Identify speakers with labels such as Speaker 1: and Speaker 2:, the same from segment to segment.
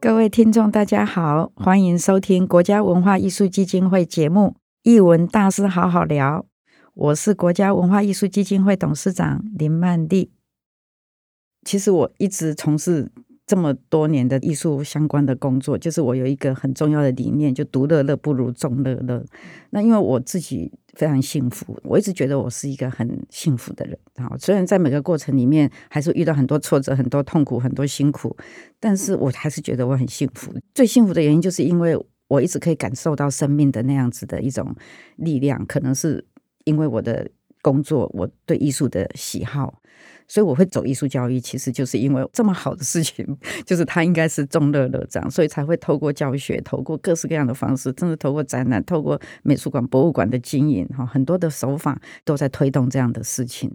Speaker 1: 各位聽眾，大家好，歡迎收聽國家文化藝術基金會節目《藝文大師好好聊》，我是國家文化藝術基金會董事長林曼麗。其實我一直從事這麼多年的藝術相關的工作，就是我有一個很重要的理念，就獨樂樂不如眾樂樂。那因為我自己非常幸福，我一直覺得我是一個很幸福的人。然後雖然在每個過程裡面還是遇到很多挫折、很多痛苦、很多辛苦，但是我還是覺得我很幸福。最幸福的原因，就是因為我一直可以感受到生命的那樣子的一種力量，可能是因為我的。工作，我對藝術的喜好，所以我會走藝術教育，其實就是因為這麼好的事情，就是他應該是眾樂樂這樣，所以才會透過教學，透過各式各樣的方式，甚至透過展覽，透過美術館、博物館的經營，哈，很多的手法都在推動這樣的事情。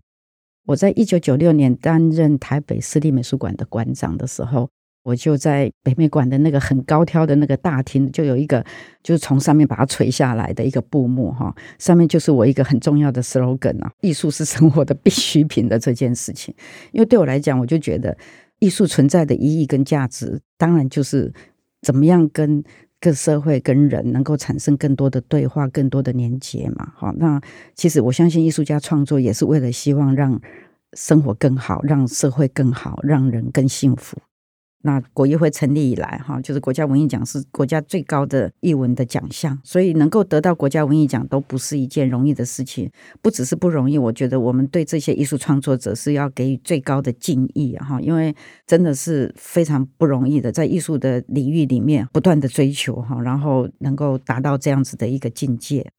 Speaker 1: 我在一九九六年擔任台北市立美術館的館長的時候。我就在北美館的那個很高挑的那個大廳，就有一個，就是從上面把它垂下來的一個布幕哈、哦，上面就是我一個很重要的 slogan 啊，藝術是生活的必需品的這件事情。因為對我來講，我就覺得藝術存在的意義跟價值，當然就是怎麼樣跟各社會跟人能夠產生更多的對話、更多的連結嘛。哈，那其實我相信藝術家創作也是為了希望讓生活更好，讓社會更好，讓人更幸福。那國藝會成立以來，哈，就是國家文藝獎是國家最高的藝文的獎項，所以能夠得到國家文藝獎都不是一件容易的事情。不只是不容易，我覺得我們對這些藝術創作者是要給予最高的敬意，哈，因為真的是非常不容易的，在藝術的領域裡面不斷的追求，哈，然後能夠達到這樣子的一個境界。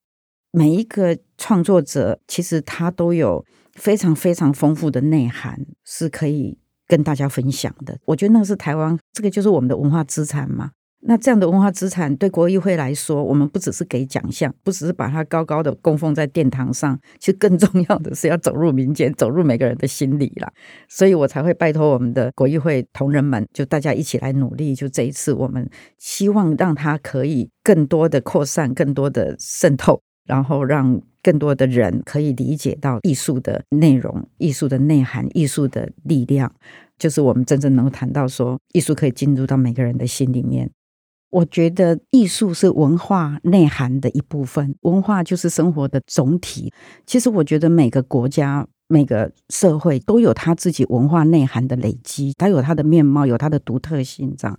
Speaker 1: 每一個創作者其實他都有非常非常豐富的內涵，是可以。跟大家分享的，我覺得那個是台灣，這個就是我們的文化資產嘛。那這樣的文化資產對國藝會來說，我們不只是給獎項，不只是把它高高的供奉在殿堂上，其實更重要的是要走入民間，走入每個人的心裡啦。所以我才會拜托我們的國藝會同仁們，就大家一起來努力。就這一次，我們希望讓它可以更多的擴散，更多的滲透。然後讓更多的人可以理解到藝術的內容、藝術的內涵、藝術的力量，就是我們真正能夠談到說，藝術可以進入到每個人的心裡面。我覺得藝術是文化內涵的一部分，文化就是生活的總體。其實我覺得每個國家、每個社會都有它自己文化內涵的累積，它有它的面貌，有它的獨特性，這樣。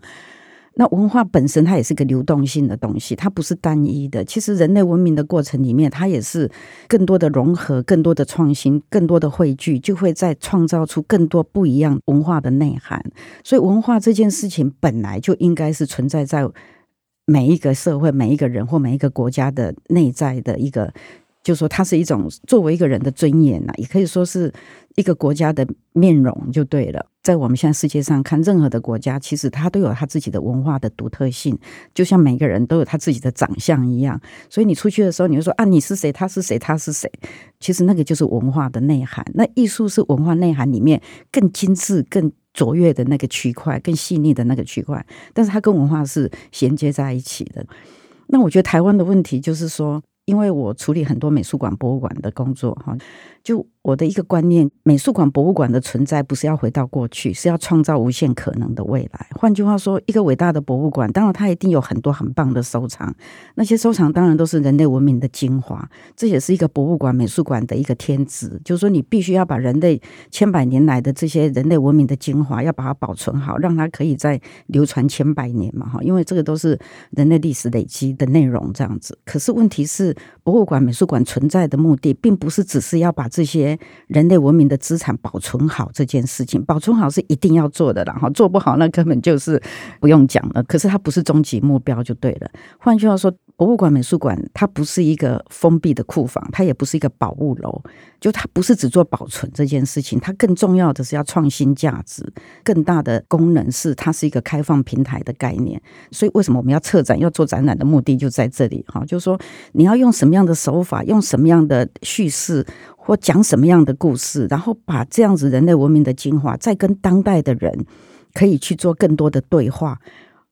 Speaker 1: 那文化本身它也是個流動性的東西，它不是單一的。其實人類文明的過程裡面，它也是更多的融合、更多的創新、更多的匯聚，就會再創造出更多不一樣文化的內涵。所以文化這件事情本來就應該是存在在每一個社會、每一個人或每一個國家的內在的一個。就是說它是一種作為一個人的尊嚴吶、啊，也可以說是一個國家的面容就對了。在我們現在世界上看，任何的國家其實它都有它自己的文化的獨特性，就像每個人都有他自己的長相一樣。所以你出去的時候，你會說啊，你是誰？他是誰？他是誰？其實那個就是文化的內涵。那藝術是文化內涵裡面更精致、更卓越的那個區塊，更細膩的那個區塊。但是它跟文化是銜接在一起的。那我覺得台灣的問題就是說。因為我處理很多美術館、博物館的工作哈，就我的一個觀念，美術館、博物館的存在不是要回到過去，是要創造無限可能的未來。換句話說，一個偉大的博物館，當然它一定有很多很棒的收藏，那些收藏當然都是人類文明的精華，這也是一個博物館、美術館的一個天職，就是說你必須要把人類千百年來的這些人類文明的精華，要把它保存好，讓它可以再流傳千百年嘛哈，因為這個都是人類歷史累積的內容，這樣子。可是問題是。博物館、美術館存在的目的，並不是只是要把這些人類文明的資產保存好這件事情，保存好是一定要做的了，哈，做不好那根本就是不用講了。可是它不是終極目標就對了。換句話說，博物館、美術館它不是一個封閉的庫房，它也不是一個寶物樓，就它不是只做保存這件事情，它更重要的是要創新價值，更大的功能是它是一個開放平台的概念。所以為什麼我們要策展、要做展覽的目的就在這裡哈，就是說你要用。用什麼樣的手法，用什麼樣的敘事，或講什麼樣的故事，然後把這樣子人類文明的精華，再跟當代的人可以去做更多的對話。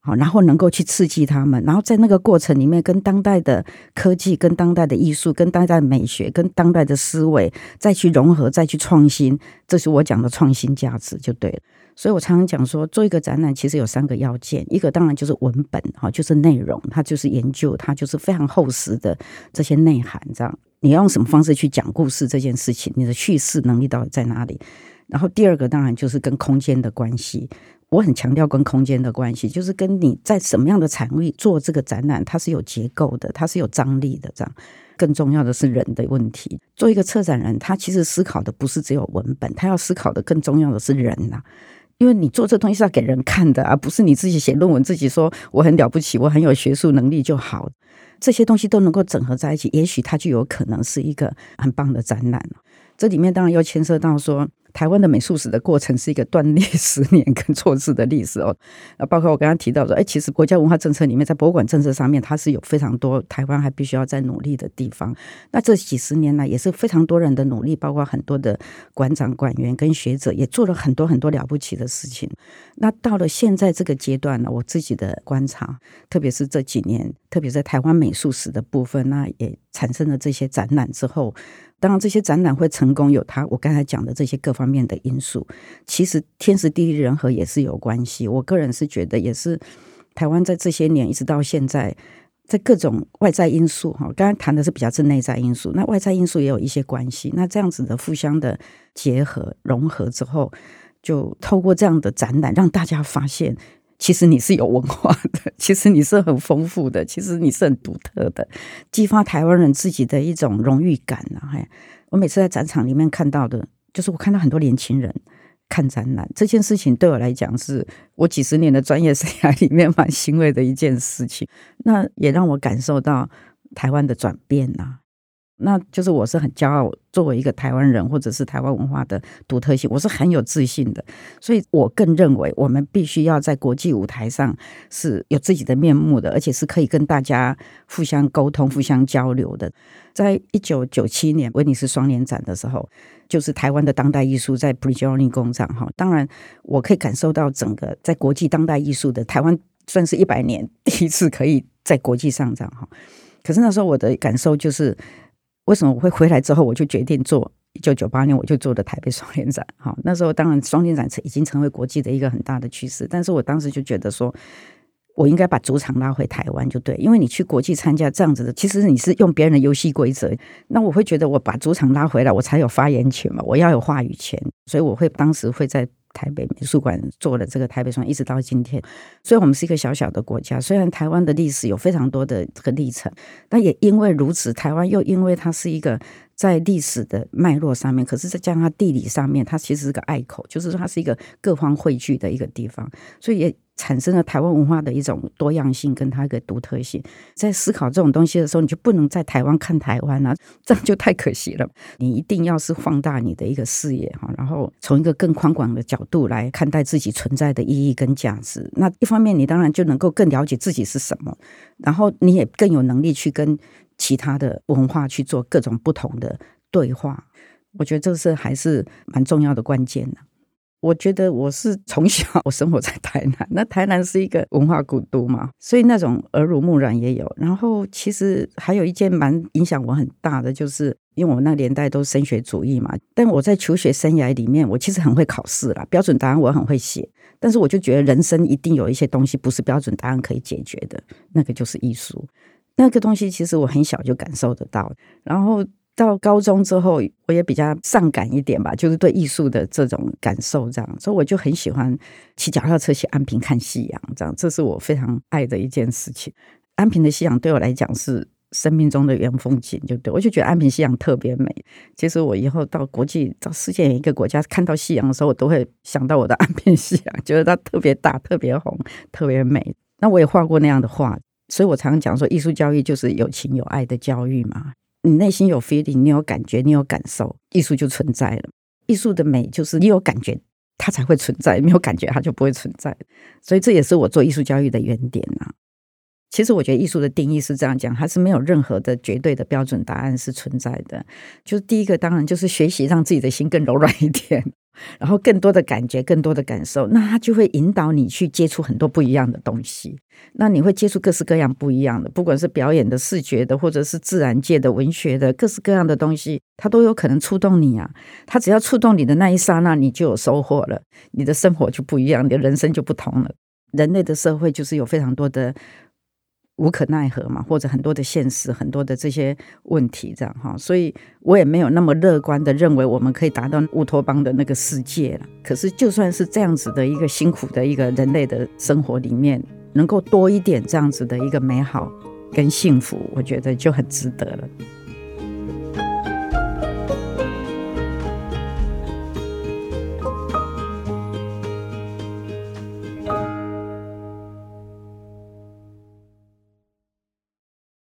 Speaker 1: 好，然後能夠去刺激他們，然後在那個過程裡面，跟當代的科技、跟當代的藝術、跟當代的美學、跟當代的思維，再去融合、再去創新，這是我講的創新價值就對了。所以我常常講說，做一個展覽其實有三個要件，一個當然就是文本哈，就是內容，它就是研究，它就是非常厚實的這些內涵。這樣，你要用什麼方式去講故事這件事情，你的敘事能力到底在哪裡？然後第二個當然就是跟空間的關係。我很強調跟空間的關係，就是跟你在什麼樣的場域做這個展覽，它是有結構的，它是有張力的。這樣，更重要的是人的問題。做一個策展人，他其實思考的不是只有文本，他要思考的更重要的是人吶、啊。因為你做這東西是要給人看的、啊，而不是你自己寫論文，自己說我很了不起，我很有學術能力就好。這些東西都能夠整合在一起，也許它就有可能是一個很棒的展覽了。這裡面當然要牽涉到說，台灣的美術史的過程是一個斷裂十年跟錯置的歷史哦，包括我剛剛提到的，哎，其實國家文化政策裡面在博物館政策上面，它是有非常多台灣還必須要再努力的地方。那這幾十年來也是非常多人的努力，包括很多的館長、館員跟學者也做了很多很多了不起的事情。那到了現在這個階段呢，我自己的觀察，特別是這幾年，特別在台灣美術史的部分，那也產生了這些展覽之後。當然，這些展覽會成功有它我剛才講的這些各方面的因素，其實天時地利人和也是有關係。我個人是覺得也是台灣在這些年一直到現在，在各種外在因素哈，我剛才談的是比較是內在因素，那外在因素也有一些關係。那這樣子的互相的結合融合之後，就透過這樣的展覽讓大家發現。其實你是有文化的，其實你是很豐富的，其實你是很獨特的，激發台灣人自己的一種榮譽感吶、啊！我每次在展場裡面看到的，就是我看到很多年輕人看展覽這件事情，對我來講是我幾十年的專業生涯裡面蠻欣慰的一件事情，那也讓我感受到台灣的轉變吶、啊。那就是我是很驕傲，作為一個台灣人或者是台灣文化的獨特性，我是很有自信的。所以我更認為，我們必須要在國際舞台上是有自己的面目的，而且是可以跟大家互相溝通、互相交流的。在一九九七年威尼斯雙年展的時候，就是台灣的當代藝術在 Prigioni 工廠哈，當然我可以感受到整個在國際當代藝術的台灣算是一百年第一次可以在國際上展哈。可是那時候我的感受就是。為什麼我會回來之後，我就決定做，一九九八年我就做的台北雙年展，好，那時候當然雙年展已經成為國際的一個很大的趨勢，但是我當時就覺得說，我應該把主場拉回台灣就對，因為你去國際參加這樣子的，其實你是用別人的遊戲規則，那我會覺得我把主場拉回來，我才有發言權嘛，我要有話語權，所以我會當時會在。台北美術館做了這個台北雙，一直到今天。所以我們是一個小小的國家，雖然台灣的歷史有非常多的這個歷程，但也因為如此，台灣又因為它是一個在歷史的脈絡上面，可是再加上它地理上面，它其實是個隘口，就是說它是一個各方匯聚的一個地方，所以也。產生了台灣文化的一種多樣性，跟它一個獨特性。在思考這種東西的時候，你就不能在台灣看台灣了，這樣就太可惜了。你一定要是放大你的一個視野哈，然後從一個更寬廣的角度來看待自己存在的意義跟價值。那一方面，你當然就能夠更了解自己是什麼，然後你也更有能力去跟其他的文化去做各種不同的對話。我覺得這是還是蠻重要的關鍵的。我覺得我是從小我生活在台南，那台南是一個文化古都嘛，所以那種耳濡目染也有。然後其實還有一件蠻影響我很大的，就是因為我們那年代都是升學主義嘛。但我在求學生涯裡面，我其實很會考試啦，標準答案我很會寫。但是我就覺得人生一定有一些東西不是標準答案可以解決的，那個就是藝術，那個東西其實我很小就感受得到。然後。到高中之後，我也比較傷感一點吧，就是對藝術的這種感受這樣，所以我就很喜歡騎腳踏車去安平看夕陽，這樣這是我非常愛的一件事情。安平的夕陽對我來講是生命中的原風景，就對我就覺得安平夕陽特別美。其實我以後到國際到世界一個國家看到夕陽的時候，我都會想到我的安平夕陽，覺得它特別大、特別紅、特別美。那我也畫過那樣的畫，所以我常常講說，藝術教育就是有情有愛的教育嘛。你內心有 feeling，你有感覺，你有感受，藝術就存在了。藝術的美就是你有感覺，它才會存在；沒有感覺，它就不會存在。所以這也是我做藝術教育的原點吶、啊。其實我覺得藝術的定義是這樣講，它是沒有任何的絕對的標準答案是存在的。就是第一個，當然就是學習，讓自己的心更柔軟一點。然後更多的感覺，更多的感受，那它就會引導你去接觸很多不一樣的東西。那你會接觸各式各樣不一樣的，不管是表演的、視覺的，或者是自然界的、文學的，各式各樣的東西，它都有可能觸動你啊！它只要觸動你的那一剎那，你就有收穫了，你的生活就不一樣，你的人生就不同了。人類的社會就是有非常多的。無可奈何嘛，或者很多的現實，很多的這些問題，這樣哈，所以我也沒有那麼樂觀地認為我們可以達到烏托邦的那個世界了。可是，就算是這樣子的一個辛苦的一個人類的生活裡面，能夠多一點這樣子的一個美好跟幸福，我覺得就很值得了。